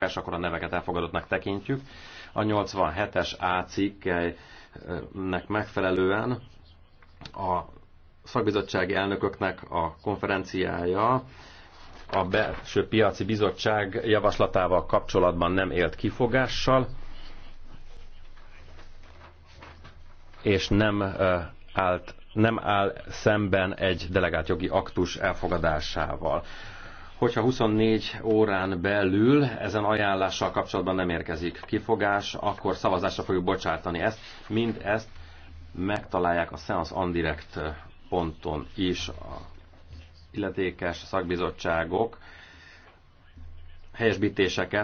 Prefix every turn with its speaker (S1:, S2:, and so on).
S1: és akkor a neveket elfogadottnak tekintjük. A 87-es A cikkelynek megfelelően a szakbizottsági elnököknek a konferenciája a belső piaci bizottság javaslatával kapcsolatban nem élt kifogással, és nem, állt, nem áll szemben egy delegált jogi aktus elfogadásával hogyha 24 órán belül ezen ajánlással kapcsolatban nem érkezik kifogás, akkor szavazásra fogjuk bocsátani ezt. Mind ezt megtalálják a Seance Andirect ponton is a illetékes szakbizottságok helyesbítéseket